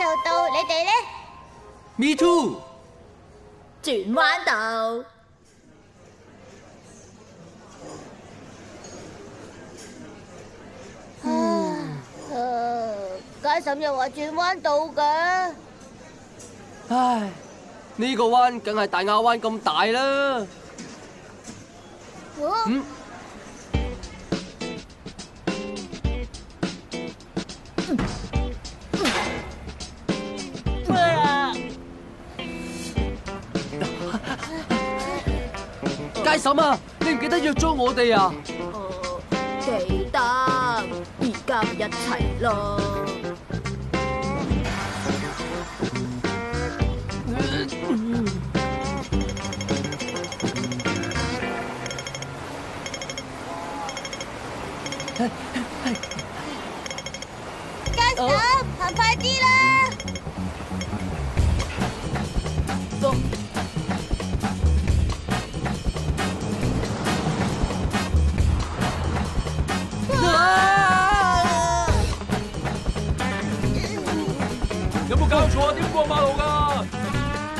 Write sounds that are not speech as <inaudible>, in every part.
就到你哋咧。Me too。轉彎道。唉，呃，佳嬸又話轉彎道嘅。唉，呢個彎梗係大亞灣咁大啦。嗯。佳嬸啊，你唔記得約咗我哋啊？記得，而家一齊咯！佳嬸，行快啲啦！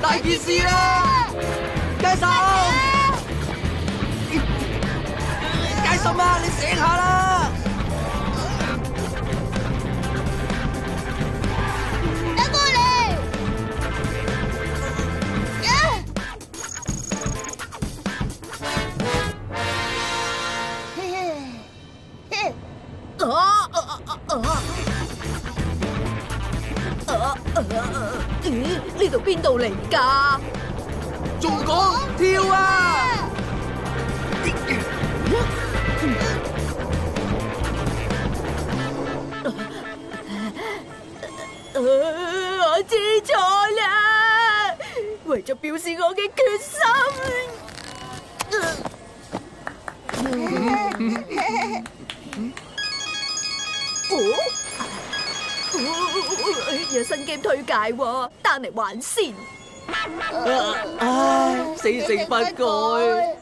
大件事啦！呢度邊度嚟噶？仲講說跳啊！ <coughs> 我知錯啦，為咗表示我嘅決心。 <coughs> 有新機推介喎，攤嚟玩先。唉，死性不改。